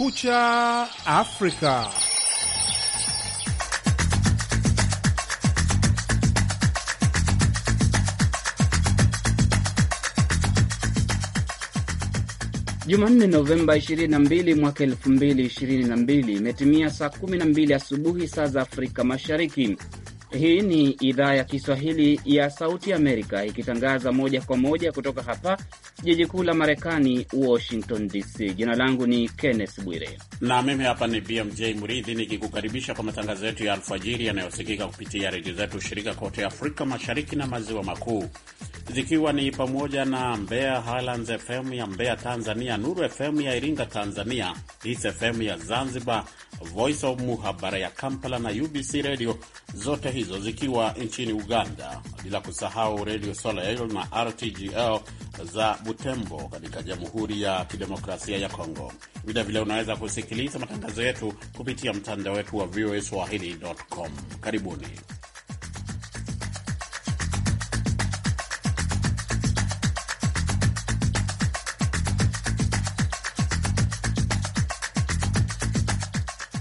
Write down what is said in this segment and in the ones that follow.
Kumekucha Afrika. Jumanne, Novemba 22 mwaka 2022, imetimia saa 12 asubuhi saa za Afrika Mashariki. Hii ni idhaa ya Kiswahili ya Sauti Amerika ikitangaza moja kwa moja kutoka hapa jiji kuu la Marekani, Washington DC. Jina langu ni Kenneth Bwire na mimi hapa ni BMJ Mridhi nikikukaribisha kwa matangazo yetu ya alfajiri yanayosikika kupitia redio zetu shirika kote Afrika Mashariki na Maziwa Makuu, zikiwa ni pamoja na Mbeya Highlands FM ya Mbeya Tanzania, Nuru FM ya Iringa Tanzania, Hits FM ya Zanzibar, Voice of Muhabara ya Kampala na UBC redio zote hizo zikiwa nchini Uganda, bila kusahau Redio Soleil na RTGL za Butembo katika Jamhuri ya Kidemokrasia ya Kongo. Vilevile unaweza kusikiliza matangazo yetu kupitia mtandao wetu wa VOA swahili.com. Karibuni.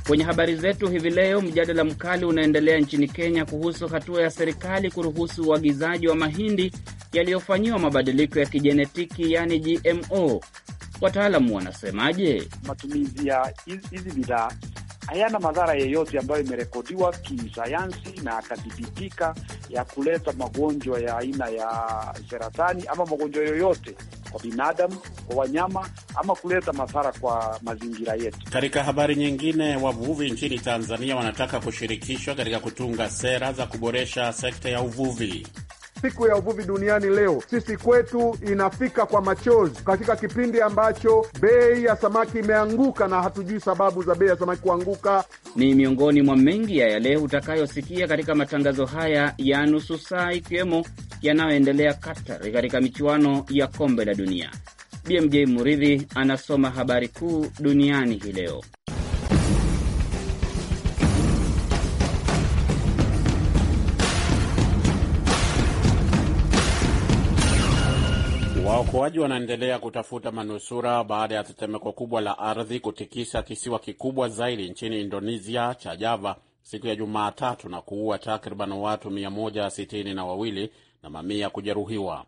Kwenye habari zetu hivi leo, mjadala mkali unaendelea nchini Kenya kuhusu hatua ya serikali kuruhusu uagizaji wa mahindi yaliyofanyiwa mabadiliko ya kijenetiki yani GMO. Wataalamu wanasemaje? Matumizi ya hizi bidhaa hayana madhara yeyote ambayo imerekodiwa kisayansi na akathibitika ya kuleta magonjwa ya aina ya saratani ama magonjwa yoyote kwa binadamu, kwa wanyama ama kuleta madhara kwa mazingira yetu. Katika habari nyingine, wavuvi nchini Tanzania wanataka kushirikishwa katika kutunga sera za kuboresha sekta ya uvuvi siku ya uvuvi duniani leo sisi kwetu inafika kwa machozi, katika kipindi ambacho bei ya samaki imeanguka na hatujui sababu za bei ya samaki kuanguka. Ni miongoni mwa mengi ya yale utakayosikia katika matangazo haya ya nusu saa, ikiwemo yanayoendelea Qatar katika michuano ya kombe la dunia. BMJ Muridhi anasoma habari kuu duniani hii leo. Waokoaji wanaendelea kutafuta manusura baada ya tetemeko kubwa la ardhi kutikisa kisiwa kikubwa zaidi nchini Indonesia cha Java siku ya Jumatatu na kuua takriban watu 162 na wawili na mamia kujeruhiwa.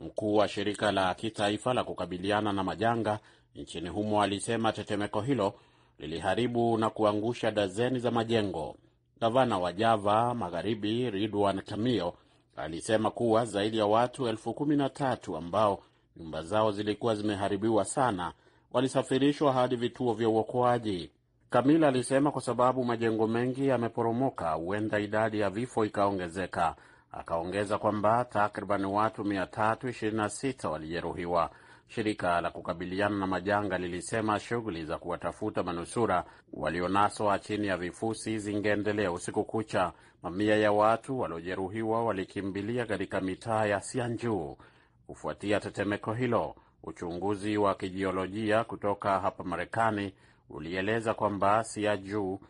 Mkuu wa shirika la kitaifa la kukabiliana na majanga nchini humo alisema tetemeko hilo liliharibu na kuangusha dazeni za majengo. Gavana wa Java Magharibi Ridwan Kamil alisema kuwa zaidi ya watu elfu kumi na tatu ambao Nyumba zao zilikuwa zimeharibiwa sana, walisafirishwa hadi vituo vya uokoaji. Kamila alisema kwa sababu majengo mengi yameporomoka, huenda idadi ya vifo ikaongezeka. Akaongeza kwamba takriban watu 326 walijeruhiwa. Shirika la kukabiliana na majanga lilisema shughuli za kuwatafuta manusura walionaswa chini ya vifusi zingeendelea usiku kucha. Mamia ya watu waliojeruhiwa walikimbilia katika mitaa ya Sianjuu kufuatia tetemeko hilo. Uchunguzi wa kijiolojia kutoka hapa Marekani ulieleza kwamba juu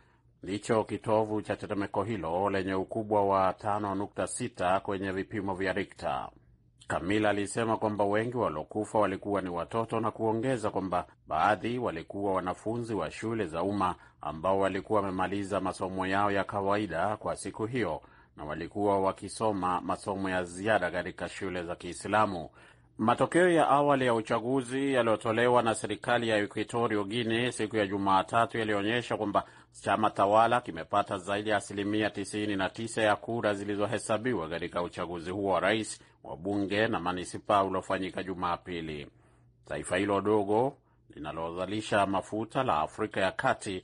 ndicho kitovu cha tetemeko hilo lenye ukubwa wa 5.6 kwenye vipimo vya Richter. Kamila alisema kwamba wengi waliokufa walikuwa ni watoto na kuongeza kwamba baadhi walikuwa wanafunzi wa shule za umma ambao walikuwa wamemaliza masomo yao ya kawaida kwa siku hiyo na walikuwa wakisoma masomo ya ziada katika shule za Kiislamu. Matokeo ya awali ya uchaguzi yaliyotolewa na serikali ya Equatorio guine siku ya Jumatatu yalionyesha kwamba chama tawala kimepata zaidi ya asilimia 99 ya kura zilizohesabiwa katika uchaguzi huo wa rais, wa bunge na manisipa uliofanyika Jumapili. Taifa hilo dogo linalozalisha mafuta la Afrika ya Kati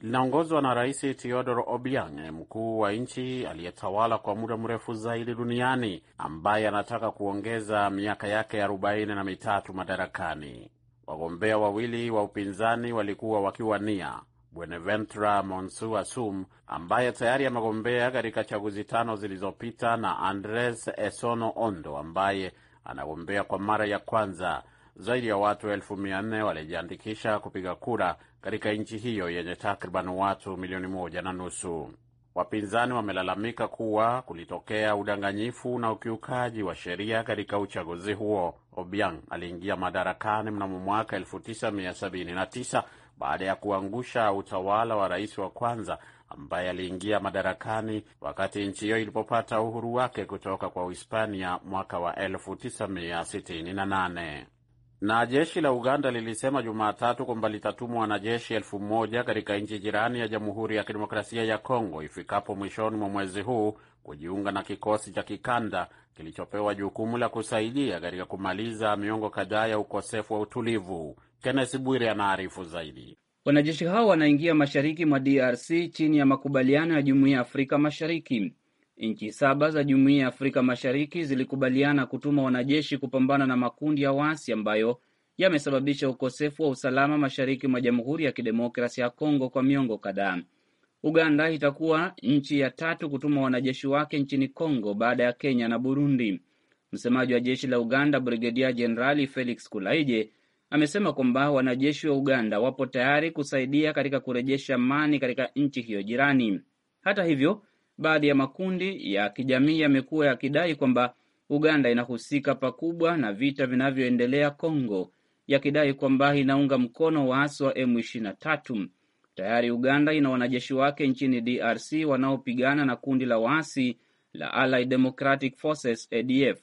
linaongozwa na Rais Teodor Obiang, mkuu wa nchi aliyetawala kwa muda mrefu zaidi duniani, ambaye anataka kuongeza miaka yake arobaini na mitatu madarakani. Wagombea wawili wa upinzani walikuwa wakiwania Bueneventura Monsu Asum ambaye tayari amegombea katika chaguzi tano zilizopita na Andres Esono Ondo ambaye anagombea kwa mara ya kwanza zaidi ya watu elfu mia nne walijiandikisha kupiga kura katika nchi hiyo yenye takriban watu milioni moja na nusu. Wapinzani wamelalamika kuwa kulitokea udanganyifu na ukiukaji wa sheria katika uchaguzi huo. Obiang aliingia madarakani mnamo mwaka 1979 baada ya kuangusha utawala wa rais wa kwanza ambaye aliingia madarakani wakati nchi hiyo ilipopata uhuru wake kutoka kwa Uhispania mwaka wa 1968. Na jeshi la Uganda lilisema Jumatatu kwamba litatumwa wanajeshi elfu moja katika nchi jirani ya Jamhuri ya Kidemokrasia ya Kongo ifikapo mwishoni mwa mwezi huu kujiunga na kikosi cha kikanda kilichopewa jukumu la kusaidia katika kumaliza miongo kadhaa ya ukosefu wa utulivu. Kennes Bwire anaarifu zaidi. Wanajeshi hao wanaingia mashariki mwa DRC chini ya makubaliano ya Jumuiya ya Afrika Mashariki. Nchi saba za Jumuiya ya Afrika Mashariki zilikubaliana kutuma wanajeshi kupambana na makundi ya waasi ambayo yamesababisha ukosefu wa usalama mashariki mwa Jamhuri ya Kidemokrasia ya Kongo kwa miongo kadhaa. Uganda itakuwa nchi ya tatu kutuma wanajeshi wake nchini Kongo baada ya Kenya na Burundi. Msemaji wa jeshi la Uganda, Brigedia Jenerali Felix Kulaije, amesema kwamba wanajeshi wa Uganda wapo tayari kusaidia katika kurejesha amani katika nchi hiyo jirani. Hata hivyo baadhi ya makundi ya kijamii yamekuwa yakidai kwamba Uganda inahusika pakubwa na vita vinavyoendelea congo yakidai kwamba inaunga mkono waasi wa M23. Tayari Uganda ina wanajeshi wake nchini DRC wanaopigana na kundi la waasi la Allied Democratic Forces, ADF.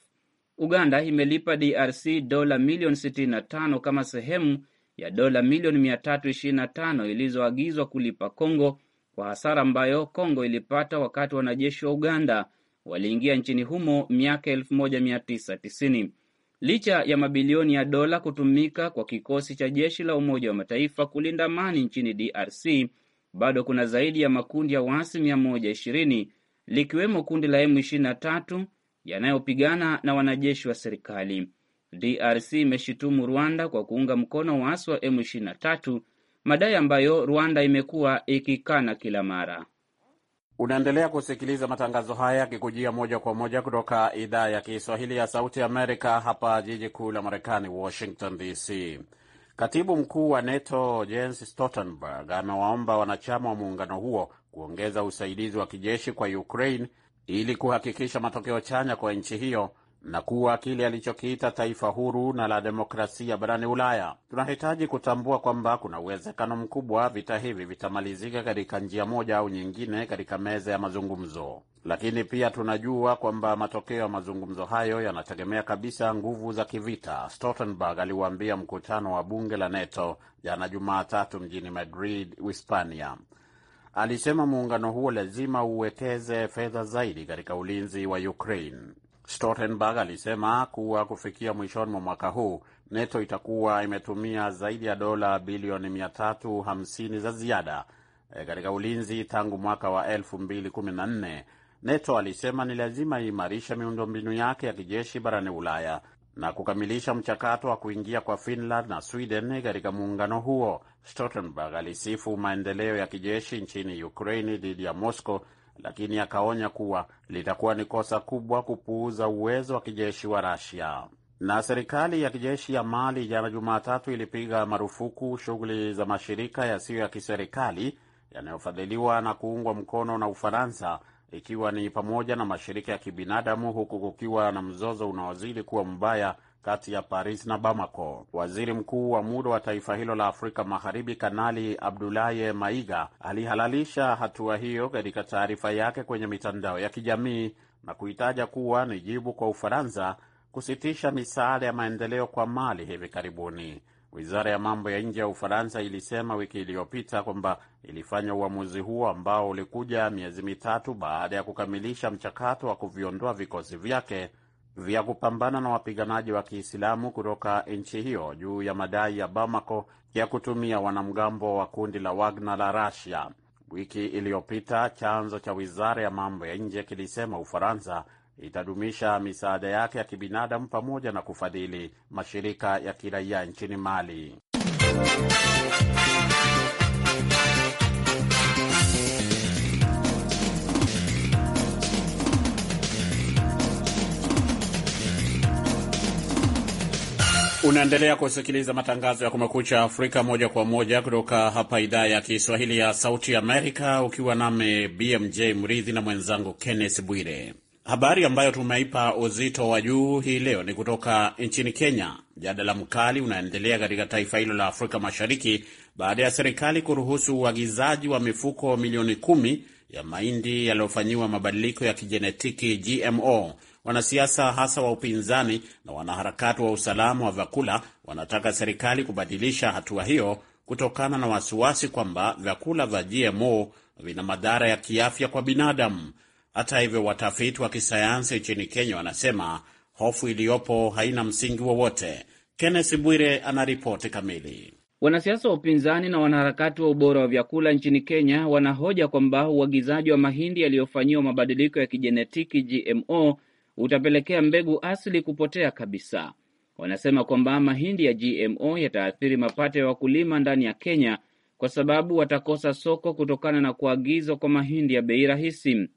Uganda imelipa DRC dola milioni 65 kama sehemu ya dola milioni 325 ilizoagizwa kulipa congo kwa hasara ambayo Kongo ilipata wakati wanajeshi wa Uganda waliingia nchini humo miaka 1990. Licha ya mabilioni ya dola kutumika kwa kikosi cha jeshi la Umoja wa Mataifa kulinda amani nchini DRC, bado kuna zaidi ya makundi ya waasi 120 likiwemo kundi la M23 yanayopigana na wanajeshi wa serikali. DRC imeshitumu Rwanda kwa kuunga mkono waasi wa M23 madai ambayo Rwanda imekuwa ikikana kila mara. Unaendelea kusikiliza matangazo haya yakikujia moja kwa moja kutoka idhaa ya Kiswahili ya Sauti Amerika, hapa jiji kuu la Marekani, Washington DC. Katibu mkuu wa NATO Jens Stoltenberg amewaomba wanachama wa muungano huo kuongeza usaidizi wa kijeshi kwa Ukraine ili kuhakikisha matokeo chanya kwa nchi hiyo na kuwa kile alichokiita taifa huru na la demokrasia barani Ulaya. Tunahitaji kutambua kwamba kuna uwezekano mkubwa vita hivi vitamalizika katika njia moja au nyingine katika meza ya mazungumzo, lakini pia tunajua kwamba matokeo ya mazungumzo hayo yanategemea kabisa nguvu za kivita, Stoltenberg aliwaambia mkutano wa bunge la NATO jana Jumatatu mjini Madrid, Hispania. Alisema muungano huo lazima uwekeze fedha zaidi katika ulinzi wa Ukraine. Stoltenberg alisema kuwa kufikia mwishoni mwa mwaka huu NATO itakuwa imetumia zaidi ya dola bilioni 350 za ziada e, katika ulinzi tangu mwaka wa 2014. NATO alisema ni lazima iimarishe miundombinu yake ya kijeshi barani Ulaya na kukamilisha mchakato wa kuingia kwa Finland na Sweden katika muungano huo. Stoltenberg alisifu maendeleo ya kijeshi nchini Ukraini dhidi ya Moscow lakini akaonya kuwa litakuwa ni kosa kubwa kupuuza uwezo wa kijeshi wa Rasia. Na serikali ya kijeshi ya Mali jana Jumatatu ilipiga marufuku shughuli za mashirika yasiyo ya kiserikali yanayofadhiliwa na kuungwa mkono na Ufaransa, ikiwa ni pamoja na mashirika ya kibinadamu, huku kukiwa na mzozo unaozidi kuwa mbaya kati ya Paris na Bamako. Waziri mkuu wa muda wa taifa hilo la Afrika Magharibi, Kanali Abdulaye Maiga, alihalalisha hatua hiyo katika taarifa yake kwenye mitandao ya kijamii na kuitaja kuwa ni jibu kwa Ufaransa kusitisha misaada ya maendeleo kwa Mali hivi karibuni. Wizara ya mambo ya nje ya Ufaransa ilisema wiki iliyopita kwamba ilifanya uamuzi huo ambao ulikuja miezi mitatu baada ya kukamilisha mchakato wa kuviondoa vikosi vyake vya kupambana na wapiganaji wa Kiislamu kutoka nchi hiyo juu ya madai ya Bamako ya kutumia wanamgambo wa kundi la Wagner la Russia. Wiki iliyopita chanzo cha wizara ya mambo ya nje kilisema Ufaransa itadumisha misaada yake ya kibinadamu pamoja na kufadhili mashirika ya kiraia nchini Mali. Unaendelea kusikiliza matangazo ya Kumekucha Afrika moja kwa moja kutoka hapa idhaa ya Kiswahili ya Sauti Amerika, ukiwa nami BMJ Mridhi na mwenzangu Kenneth Bwire. Habari ambayo tumeipa uzito wa juu hii leo ni kutoka nchini Kenya. Mjadala mkali unaendelea katika taifa hilo la Afrika Mashariki baada ya serikali kuruhusu uagizaji wa mifuko milioni kumi ya mahindi yaliyofanyiwa mabadiliko ya kijenetiki GMO Wanasiasa hasa wa upinzani na wanaharakati wa usalama wa vyakula wanataka serikali kubadilisha hatua hiyo kutokana na wasiwasi kwamba vyakula vya GMO vina madhara ya kiafya kwa binadamu. Hata hivyo, watafiti wa kisayansi nchini Kenya wanasema hofu iliyopo haina msingi wowote. Kenneth Bwire anaripoti kamili. Wanasiasa wa upinzani na wanaharakati wa ubora wa vyakula nchini Kenya wanahoja kwamba uagizaji wa mahindi yaliyofanyiwa mabadiliko ya kijenetiki GMO utapelekea mbegu asili kupotea kabisa. Wanasema kwamba mahindi ya GMO yataathiri mapato ya wakulima ndani ya Kenya kwa sababu watakosa soko kutokana na kuagizwa kwa mahindi ya bei rahisi.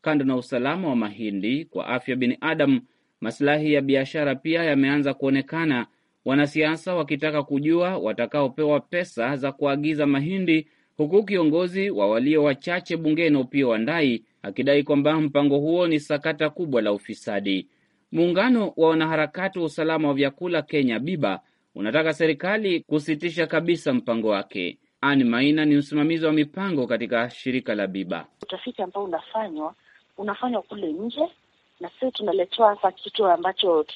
Kando na usalama wa mahindi kwa afya binadamu, masilahi ya biashara pia yameanza kuonekana, wanasiasa wakitaka kujua watakaopewa pesa za kuagiza mahindi, huku kiongozi wa walio wachache bungeni Opiyo Wandayi akidai kwamba mpango huo ni sakata kubwa la ufisadi. Muungano wa wanaharakati wa usalama wa vyakula Kenya, Biba, unataka serikali kusitisha kabisa mpango wake. Ani Maina ni msimamizi wa mipango katika shirika la Biba. Utafiti ambao unafanywa unafanywa kule nje, na sisi tunaletewa hapa kitu ambacho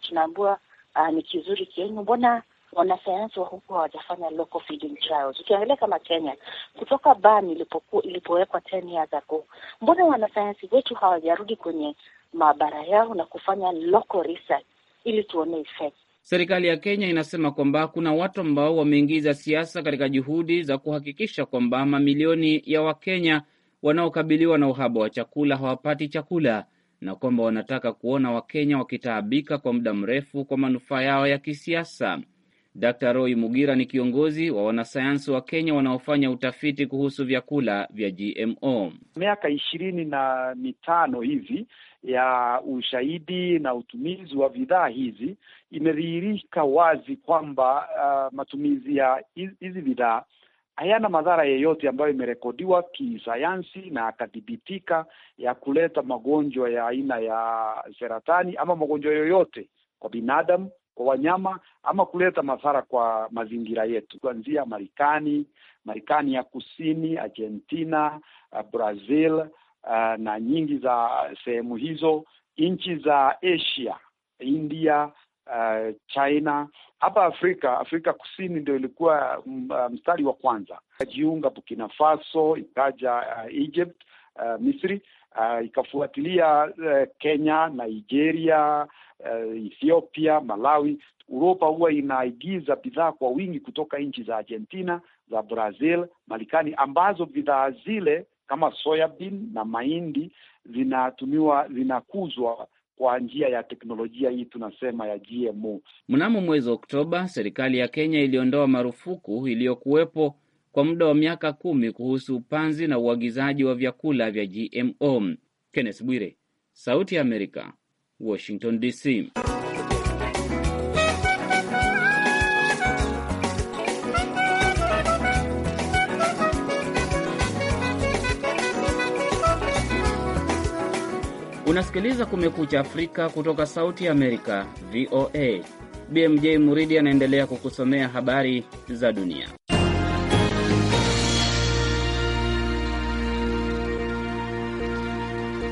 tunaambua uh, ah, ni kizuri kenyu, mbona wanasayansi wa huku hawajafanya local feeding trials. Ukiangalia kama Kenya, kutoka ban ilipokuwa ilipowekwa 10 years ago, mbona wanasayansi wetu hawajarudi kwenye maabara yao na kufanya local research ili tuone effect? Serikali ya Kenya inasema kwamba kuna watu ambao wameingiza siasa katika juhudi za kuhakikisha kwamba mamilioni ya Wakenya wanaokabiliwa na uhaba wa chakula hawapati chakula na kwamba wanataka kuona Wakenya wakitaabika kwa muda mrefu kwa manufaa yao ya kisiasa. Dr. Roy Mugira ni kiongozi wa wanasayansi wa Kenya wanaofanya utafiti kuhusu vyakula vya GMO. Miaka ishirini na mitano hivi ya ushahidi na utumizi wa bidhaa hizi imedhihirika wazi kwamba uh, matumizi ya hizi bidhaa hayana madhara yeyote ambayo imerekodiwa kisayansi na akadhibitika ya kuleta magonjwa ya aina ya seratani ama magonjwa yoyote kwa binadamu kwa wanyama ama kuleta madhara kwa mazingira yetu, kuanzia Marekani, Marekani ya Kusini, Argentina, eh, Brazil eh, na nyingi za sehemu hizo, nchi za Asia, India, eh, China, hapa Afrika, Afrika Kusini ndio ilikuwa mm, mstari wa kwanza, ikajiunga Burkina Faso, ikaja uh, Egypt, uh, Misri, uh, ikafuatilia uh, Kenya, Nigeria uh, Ethiopia, Malawi. Uropa huwa inaigiza bidhaa kwa wingi kutoka nchi za Argentina, za Brazil, Marekani ambazo bidhaa zile kama soyabin na mahindi zinatumiwa zinakuzwa kwa njia ya teknolojia hii tunasema ya GMO. Mnamo mwezi Oktoba, serikali ya Kenya iliondoa marufuku iliyokuwepo kwa muda wa miaka kumi kuhusu upanzi na uagizaji wa vyakula vya GMO. Kenneth Bwire, Sauti ya Amerika, Washington DC. Unasikiliza Kumekucha Afrika kutoka Sauti ya Amerika, VOA. BMJ Muridi anaendelea kukusomea habari za dunia.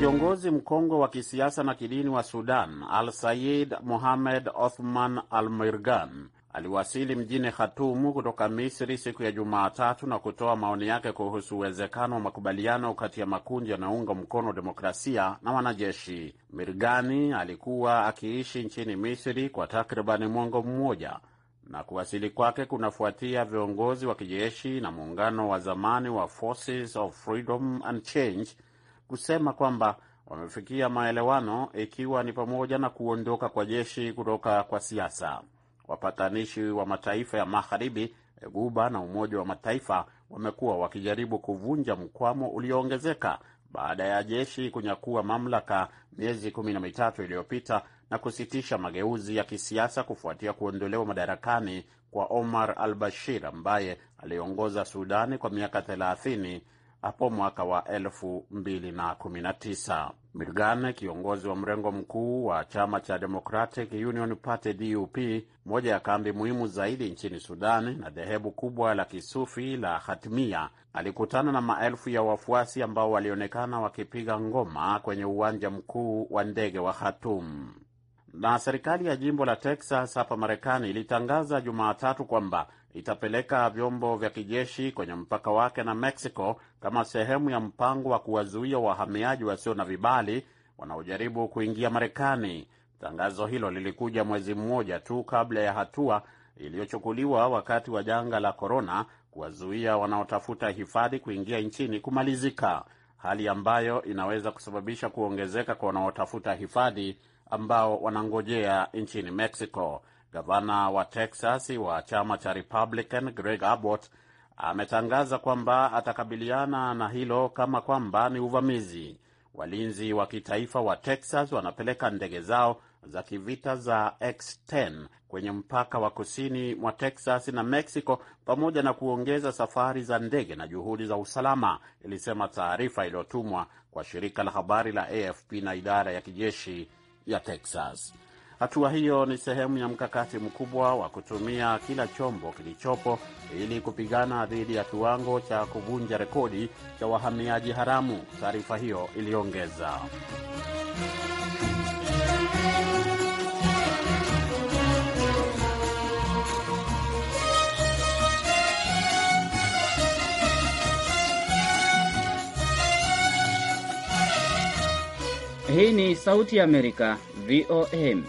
Kiongozi mkongwe wa kisiasa na kidini wa Sudan, Al Sayid muhamed Othman Al Mirgan aliwasili mjini Khatumu kutoka Misri siku ya Jumatatu na kutoa maoni yake kuhusu uwezekano wa makubaliano kati ya makundi yanayounga mkono demokrasia na wanajeshi. Mirgani alikuwa akiishi nchini Misri kwa takribani mwongo mmoja na kuwasili kwake kunafuatia viongozi wa kijeshi na muungano wa zamani wa Forces of Freedom and Change kusema kwamba wamefikia maelewano ikiwa ni pamoja na kuondoka kwa jeshi kutoka kwa siasa. Wapatanishi wa mataifa ya magharibi, Guba na Umoja wa Mataifa wamekuwa wakijaribu kuvunja mkwamo ulioongezeka baada ya jeshi kunyakua mamlaka miezi kumi na mitatu iliyopita na kusitisha mageuzi ya kisiasa kufuatia kuondolewa madarakani kwa Omar al Bashir ambaye aliongoza Sudani kwa miaka thelathini hapo mwaka wa 2019. Mirgane, kiongozi wa mrengo mkuu wa chama cha Democratic Union Party DUP, moja ya kambi muhimu zaidi nchini Sudani na dhehebu kubwa la kisufi la Hatimia, alikutana na maelfu ya wafuasi ambao walionekana wakipiga ngoma kwenye uwanja mkuu wa ndege wa Khartoum. Na serikali ya jimbo la Texas hapa Marekani ilitangaza Jumatatu kwamba itapeleka vyombo vya kijeshi kwenye mpaka wake na Mexico kama sehemu ya mpango wa kuwazuia wahamiaji wasio na vibali wanaojaribu kuingia Marekani. Tangazo hilo lilikuja mwezi mmoja tu kabla ya hatua iliyochukuliwa wakati wa janga la korona kuwazuia wanaotafuta hifadhi kuingia nchini kumalizika, hali ambayo inaweza kusababisha kuongezeka kwa wanaotafuta hifadhi ambao wanangojea nchini Mexico. Gavana wa Texas wa chama cha Republican Greg Abbott ametangaza kwamba atakabiliana na hilo kama kwamba ni uvamizi. Walinzi wa kitaifa wa Texas wanapeleka ndege zao za kivita za X-10 kwenye mpaka wa kusini mwa Texas na Mexico pamoja na kuongeza safari za ndege na juhudi za usalama, ilisema taarifa iliyotumwa kwa shirika la habari la AFP na idara ya kijeshi ya Texas. Hatua hiyo ni sehemu ya mkakati mkubwa wa kutumia kila chombo kilichopo ili kupigana dhidi ya kiwango cha kuvunja rekodi cha wahamiaji haramu, taarifa hiyo iliongeza. Hii ni Sauti ya Amerika, vom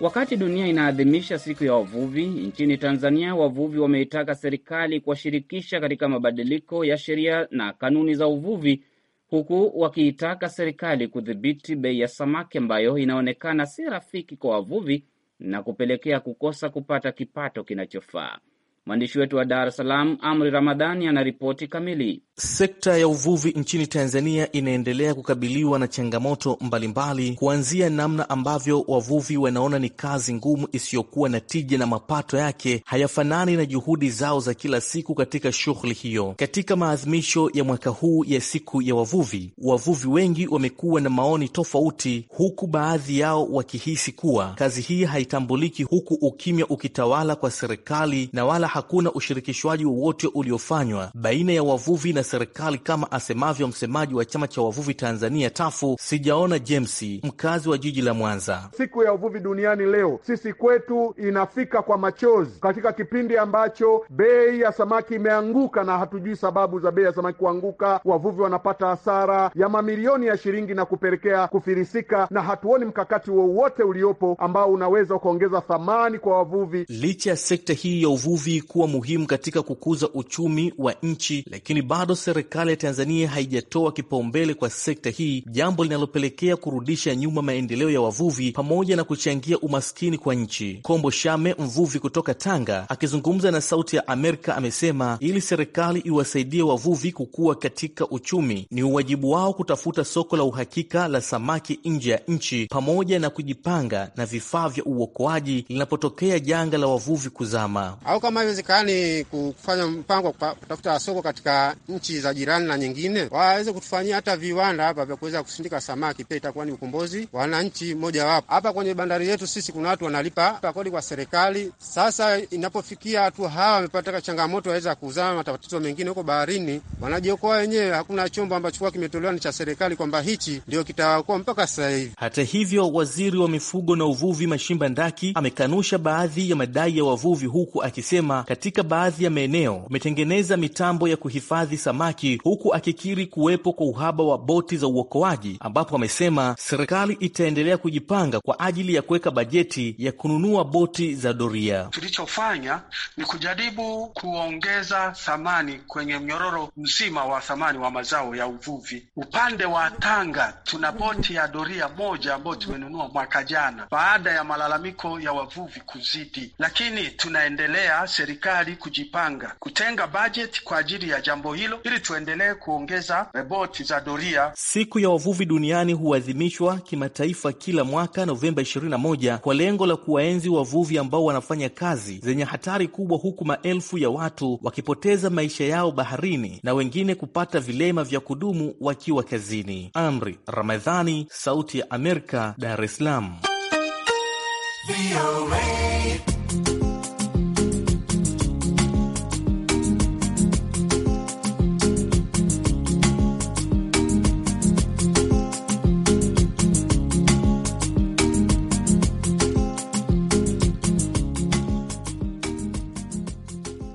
Wakati dunia inaadhimisha siku ya wavuvi, nchini Tanzania wavuvi wameitaka serikali kuwashirikisha katika mabadiliko ya sheria na kanuni za uvuvi, huku wakiitaka serikali kudhibiti bei ya samaki ambayo inaonekana si rafiki kwa wavuvi na kupelekea kukosa kupata kipato kinachofaa. Mwandishi wetu wa Dar es Salaam, Amri Ramadhani, anaripoti kamili. Sekta ya uvuvi nchini Tanzania inaendelea kukabiliwa na changamoto mbalimbali, kuanzia namna ambavyo wavuvi wanaona ni kazi ngumu isiyokuwa na tija na mapato yake hayafanani na juhudi zao za kila siku katika shughuli hiyo. Katika maadhimisho ya mwaka huu ya siku ya wavuvi, wavuvi wengi wamekuwa na maoni tofauti, huku baadhi yao wakihisi kuwa kazi hii haitambuliki, huku ukimya ukitawala kwa serikali na wala hakuna ushirikishwaji wowote uliofanywa baina ya wavuvi na serikali kama asemavyo msemaji wa chama cha wavuvi Tanzania TAFU, sijaona James, mkazi wa jiji la Mwanza. Siku ya uvuvi duniani leo sisi kwetu inafika kwa machozi, katika kipindi ambacho bei ya samaki imeanguka na hatujui sababu za bei ya samaki kuanguka. Wavuvi wanapata hasara ya mamilioni ya shilingi na kupelekea kufirisika, na hatuoni mkakati wowote uliopo ambao unaweza ukaongeza thamani kwa wavuvi. Licha ya sekta hii ya uvuvi kuwa muhimu katika kukuza uchumi wa nchi, lakini bado serikali ya Tanzania haijatoa kipaumbele kwa sekta hii, jambo linalopelekea kurudisha nyuma maendeleo ya wavuvi pamoja na kuchangia umaskini kwa nchi. Kombo Shame, mvuvi kutoka Tanga, akizungumza na Sauti ya Amerika amesema ili serikali iwasaidie wavuvi kukua katika uchumi, ni uwajibu wao kutafuta soko la uhakika la samaki nje ya nchi pamoja na kujipanga na vifaa vya uokoaji linapotokea janga la wavuvi kuzama au kama haiwezekani kufanya mpango wa kutafuta soko katika nchi za jirani na nyingine, waweze kutufanyia hata viwanda hapa vya kuweza kusindika samaki, pia itakuwa ni ukombozi wananchi wapo Hapa kwenye bandari yetu sisi kuna watu wanalipa kodi kwa serikali. Sasa inapofikia watu hawa wamepata changamoto, waweza kuzama matatizo mengine huko baharini, wanajiokoa wenyewe. Hakuna chombo ambacho kuwa kimetolewa ni cha serikali kwamba hichi ndio kitawaokoa mpaka sasa hivi. Hata hivyo, waziri wa mifugo na uvuvi Mashimba Ndaki amekanusha baadhi ya madai ya wavuvi, huku akisema katika baadhi ya maeneo wametengeneza mitambo ya kuhifadhi samaki, huku akikiri kuwepo kwa uhaba wa boti za uokoaji, ambapo amesema serikali itaendelea kujipanga kwa ajili ya kuweka bajeti ya kununua boti za doria. Tulichofanya ni kujaribu kuongeza thamani kwenye mnyororo mzima wa thamani wa mazao ya uvuvi. Upande wa Tanga tuna boti ya doria moja ambayo tumenunua mwaka jana baada ya malalamiko ya wavuvi kuzidi, lakini tunaendelea serikali kujipanga kutenga bajeti kwa ajili ya jambo hilo ili tuendelee kuongeza eh, boti za doria. Siku ya wavuvi duniani huadhimishwa kimataifa kila mwaka Novemba 21 kwa lengo la kuwaenzi wavuvi ambao wanafanya kazi zenye hatari kubwa, huku maelfu ya watu wakipoteza maisha yao baharini na wengine kupata vilema vya kudumu wakiwa kazini. Amri Ramadhani, Sauti ya Amerika, Dar es Salaam.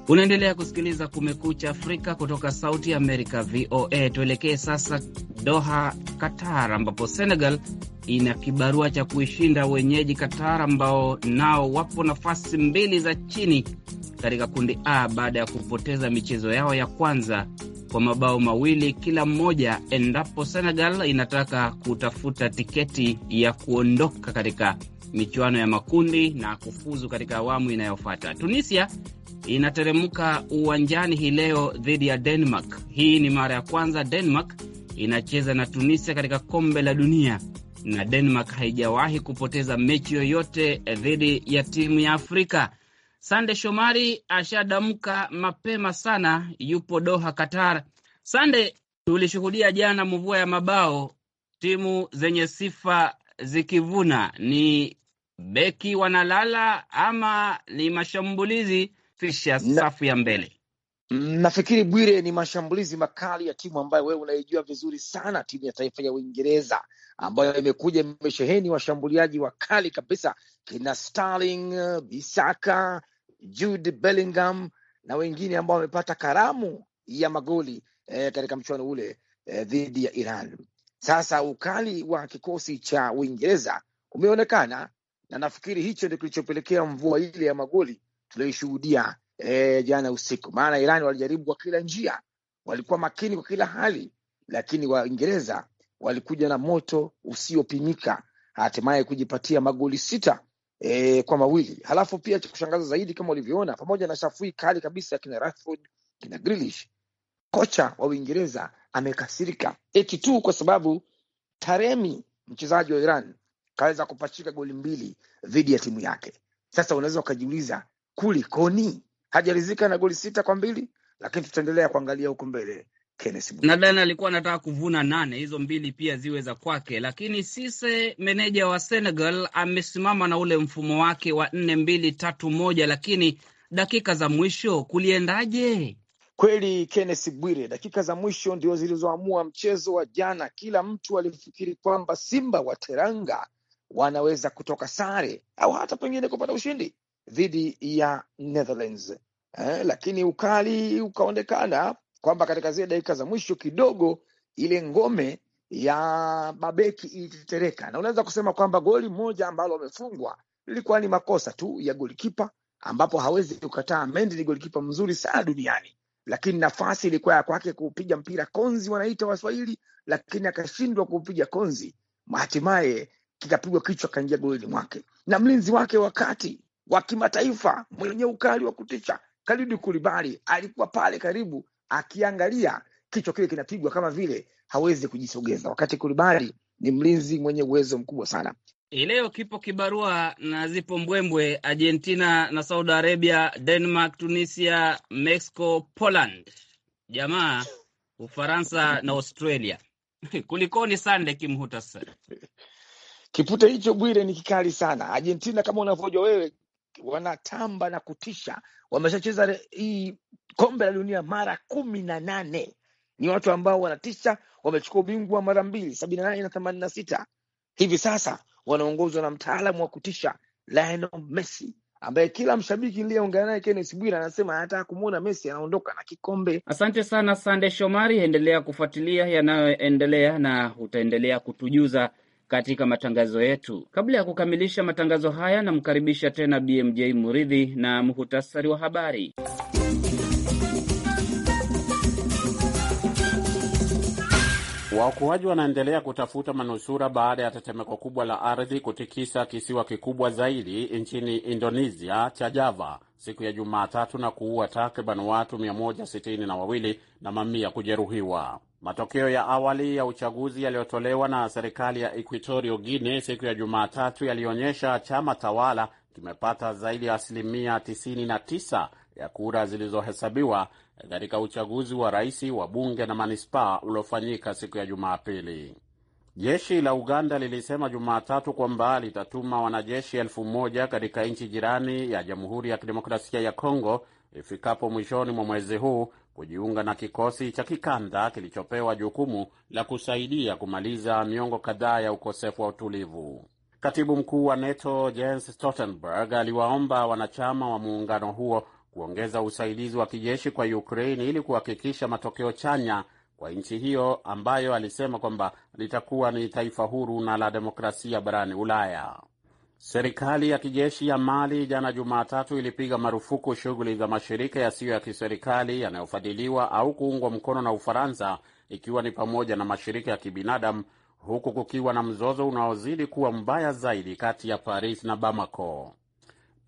Unaendelea kusikiliza Kumekucha Afrika kutoka Sauti ya Amerika, VOA. Tuelekee sasa Doha, Qatar, ambapo Senegal ina kibarua cha kuishinda wenyeji Qatar ambao nao wapo nafasi mbili za chini katika kundi A baada ya kupoteza michezo yao ya kwanza kwa mabao mawili kila mmoja, endapo Senegal inataka kutafuta tiketi ya kuondoka katika michuano ya makundi na kufuzu katika awamu inayofuata. Tunisia inateremka uwanjani hii leo dhidi ya Denmark. Hii ni mara ya kwanza Denmark inacheza na Tunisia katika kombe la dunia, na Denmark haijawahi kupoteza mechi yoyote dhidi ya timu ya Afrika. Sande Shomari ashadamka mapema sana, yupo Doha, Qatar. Sande, tulishuhudia jana mvua ya mabao, timu zenye sifa zikivuna. Ni beki wanalala ama ni mashambulizi kusafisha safu ya mbele. Nafikiri Bwire, ni mashambulizi makali ya timu ambayo wewe unaijua vizuri sana, timu ya taifa ya Uingereza ambayo imekuja imesheheni washambuliaji wakali kabisa, kina Sterling, Bisaka, Jude Bellingham na wengine ambao wamepata karamu ya magoli eh, katika mchuano ule eh, dhidi ya Iran. Sasa ukali wa kikosi cha Uingereza umeonekana na nafikiri hicho ndio kilichopelekea mvua ile ya magoli tulioshuhudia e, eh, jana usiku. Maana Iran walijaribu kwa kila njia, walikuwa makini kwa kila hali, lakini Waingereza walikuja na moto usiopimika, hatimaye kujipatia magoli sita e, kwa mawili. Halafu pia cha kushangaza zaidi, kama ulivyoona, pamoja na shafui kali kabisa ya kina Rashford, kina Grealish, kocha wa Uingereza amekasirika eti tu kwa sababu Taremi mchezaji wa Iran kaweza kupachika goli mbili dhidi ya timu yake. Sasa unaweza ukajiuliza kulikoni? Hajarizika na goli sita kwa mbili, lakini tutaendelea kuangalia huko mbele. Nadhani alikuwa anataka kuvuna nane, hizo mbili pia ziwe za kwake. Lakini Sise, meneja wa Senegal, amesimama na ule mfumo wake wa nne mbili tatu moja, lakini dakika za mwisho kuliendaje? Kweli Kennes Bwire, dakika za mwisho ndio zilizoamua mchezo wa jana. Kila mtu alifikiri kwamba Simba wa Teranga wanaweza kutoka sare au hata pengine kupata ushindi, dhidi ya Netherlands eh, lakini ukali ukaonekana kwamba katika zile dakika za mwisho kidogo ile ngome ya mabeki ilitetereka, na unaweza kusema kwamba goli moja ambalo wamefungwa lilikuwa ni makosa tu ya golikipa, ambapo hawezi kukataa. Mendy ni golikipa mzuri sana duniani, lakini nafasi ilikuwa ya kwake kupiga mpira konzi, wanaita Waswahili, lakini akashindwa kupiga konzi, hatimaye kikapigwa kichwa, kaingia golini mwake na mlinzi wake wakati wa kimataifa mwenye ukali wa kutisha. Khalid Kulibali alikuwa pale karibu akiangalia kichwa kile kinapigwa kama vile hawezi kujisogeza, wakati Kulibali ni mlinzi mwenye uwezo mkubwa sana. Hii eh, leo kipo kibarua na zipo mbwembwe. Argentina na Saudi Arabia, Denmark, Tunisia, Mexico, Poland, jamaa Ufaransa na Australia. Kulikoni sande kimhuta sasa. Kipute hicho Bwire ni kikali sana. Argentina kama unavyojua wewe, wanatamba na kutisha. Wameshacheza hii kombe la dunia mara kumi na nane. Ni watu ambao wanatisha, wamechukua ubingwa mara mbili, sabini na nane na themanini na sita. Hivi sasa wanaongozwa na mtaalamu wa kutisha Lionel Messi ambaye kila mshabiki niliyeongea naye Kennes Bwira anasema anataka kumwona Messi anaondoka na kikombe. Asante sana Sande Shomari, endelea kufuatilia yanayoendelea na utaendelea kutujuza katika matangazo yetu. Kabla ya kukamilisha matangazo haya, namkaribisha tena BMJ Muridhi na muhutasari wa habari. Waokoaji wanaendelea kutafuta manusura baada ya tetemeko kubwa la ardhi kutikisa kisiwa kikubwa zaidi nchini Indonesia cha Java siku ya Jumatatu na kuua takriban watu 162 na mamia kujeruhiwa. Matokeo ya awali ya uchaguzi yaliyotolewa na serikali ya Equatorio Guinea siku ya Jumatatu yalionyesha chama tawala kimepata zaidi ya asilimia 99 ya kura zilizohesabiwa katika uchaguzi wa rais wa bunge na manispaa uliofanyika siku ya Jumapili. Jeshi la Uganda lilisema Jumatatu kwamba litatuma wanajeshi elfu moja katika nchi jirani ya Jamhuri ya Kidemokrasia ya Kongo ifikapo mwishoni mwa mwezi huu kujiunga na kikosi cha kikanda kilichopewa jukumu la kusaidia kumaliza miongo kadhaa ya ukosefu wa utulivu. Katibu mkuu wa NATO Jens Stoltenberg aliwaomba wanachama wa muungano huo kuongeza usaidizi wa kijeshi kwa ukrain ili kuhakikisha matokeo chanya kwa nchi hiyo ambayo alisema kwamba litakuwa ni taifa huru na la demokrasia barani Ulaya. Serikali ya kijeshi ya Mali jana Jumatatu ilipiga marufuku shughuli za mashirika yasiyo ya kiserikali yanayofadhiliwa au kuungwa mkono na Ufaransa, ikiwa ni pamoja na mashirika ya kibinadamu, huku kukiwa na mzozo unaozidi kuwa mbaya zaidi kati ya Paris na Bamako.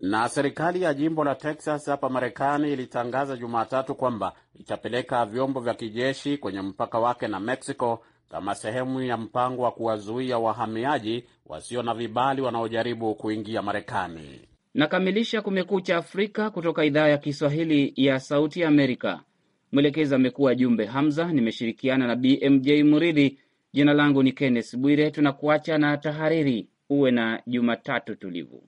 Na serikali ya jimbo la Texas hapa Marekani ilitangaza Jumatatu kwamba itapeleka vyombo vya kijeshi kwenye mpaka wake na Mexico kama sehemu ya mpango wa kuwazuia wahamiaji wasio na vibali wanaojaribu kuingia Marekani. Nakamilisha Kumekucha Afrika kutoka idhaa ya Kiswahili ya Sauti Amerika. Mwelekezi amekuwa Jumbe Hamza, nimeshirikiana na BMJ Muridhi. Jina langu ni Kenneth Bwire. Tunakuacha na tahariri. Uwe na Jumatatu tulivu.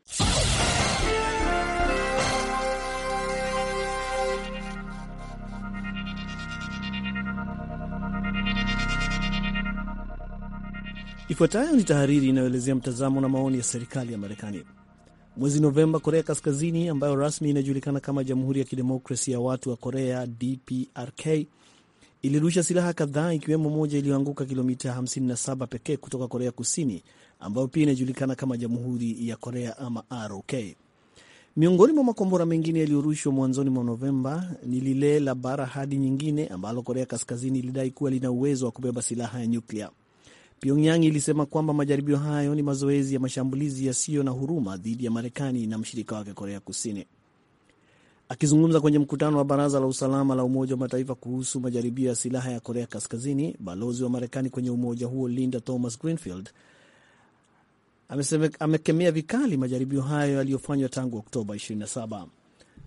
Ifuatayo ni tahariri inayoelezea mtazamo na maoni ya serikali ya Marekani. Mwezi Novemba, Korea Kaskazini ambayo rasmi inajulikana kama Jamhuri ya kidemokrasi ya Watu wa Korea DPRK ilirusha silaha kadhaa ikiwemo moja iliyoanguka kilomita 57 pekee kutoka Korea Kusini ambayo pia inajulikana kama Jamhuri ya Korea ama ROK. Miongoni mwa makombora mengine yaliyorushwa mwanzoni mwa Novemba ni lile la bara hadi nyingine ambalo Korea Kaskazini ilidai kuwa lina uwezo wa kubeba silaha ya nyuklia. Pyongyang ilisema kwamba majaribio hayo ni mazoezi ya mashambulizi yasiyo na huruma dhidi ya Marekani na mshirika wake Korea Kusini. Akizungumza kwenye mkutano wa Baraza la Usalama la Umoja wa Mataifa kuhusu majaribio ya silaha ya Korea Kaskazini, balozi wa Marekani kwenye umoja huo Linda Thomas Greenfield amekemea vikali majaribio hayo yaliyofanywa tangu Oktoba 27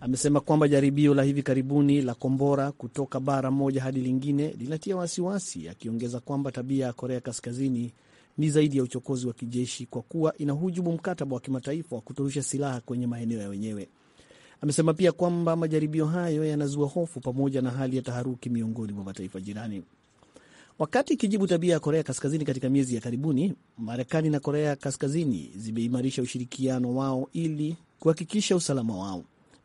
amesema kwamba jaribio la hivi karibuni la kombora kutoka bara moja hadi lingine linatia wasiwasi, akiongeza kwamba tabia ya Korea Kaskazini ni zaidi ya uchokozi wa kijeshi kwa kuwa inahujumu mkataba wa kimataifa wa kutorusha silaha kwenye maeneo ya wenyewe. Amesema pia kwamba majaribio hayo yanazua hofu pamoja na hali ya taharuki miongoni mwa mataifa jirani. Wakati ikijibu tabia ya Korea Kaskazini katika miezi ya karibuni, Marekani na Korea Kaskazini zimeimarisha ushirikiano wao ili kuhakikisha usalama wao.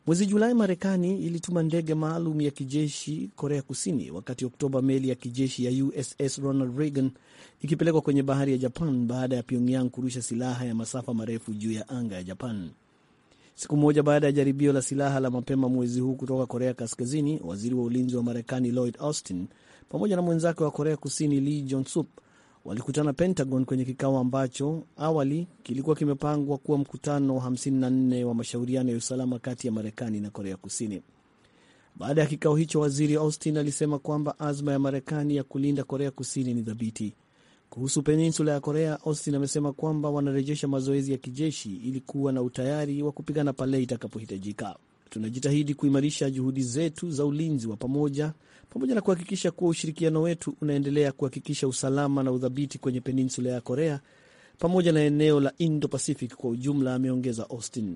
Mwezi Julai, Marekani ilituma ndege maalum ya kijeshi Korea Kusini, wakati Oktoba meli ya kijeshi ya USS Ronald Reagan ikipelekwa kwenye bahari ya Japan baada ya Pyongyang kurusha silaha ya masafa marefu juu ya anga ya Japan. Siku moja baada ya jaribio la silaha la mapema mwezi huu kutoka Korea Kaskazini, waziri wa ulinzi wa Marekani Lloyd Austin pamoja na mwenzake wa Korea Kusini Lee Jong-sup walikutana Pentagon kwenye kikao ambacho awali kilikuwa kimepangwa kuwa mkutano wa 54 wa mashauriano ya usalama kati ya Marekani na Korea Kusini. Baada ya kikao hicho, waziri Austin alisema kwamba azma ya Marekani ya kulinda Korea Kusini ni dhabiti Kuhusu peninsula ya Korea, Austin amesema kwamba wanarejesha mazoezi ya kijeshi ili kuwa na utayari wa kupigana pale itakapohitajika tunajitahidi kuimarisha juhudi zetu za ulinzi wa pamoja pamoja na kuhakikisha kuwa ushirikiano wetu unaendelea kuhakikisha usalama na udhabiti kwenye peninsula ya Korea pamoja na eneo la Indo-Pacific kwa ujumla, ameongeza Austin.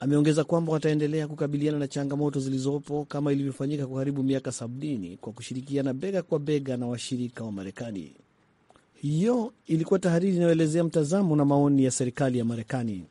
Ameongeza kwamba wataendelea kukabiliana na changamoto zilizopo kama ilivyofanyika kwa karibu miaka sabini kwa kushirikiana bega kwa bega na washirika wa Marekani. Hiyo ilikuwa tahariri inayoelezea mtazamo na maoni ya serikali ya Marekani.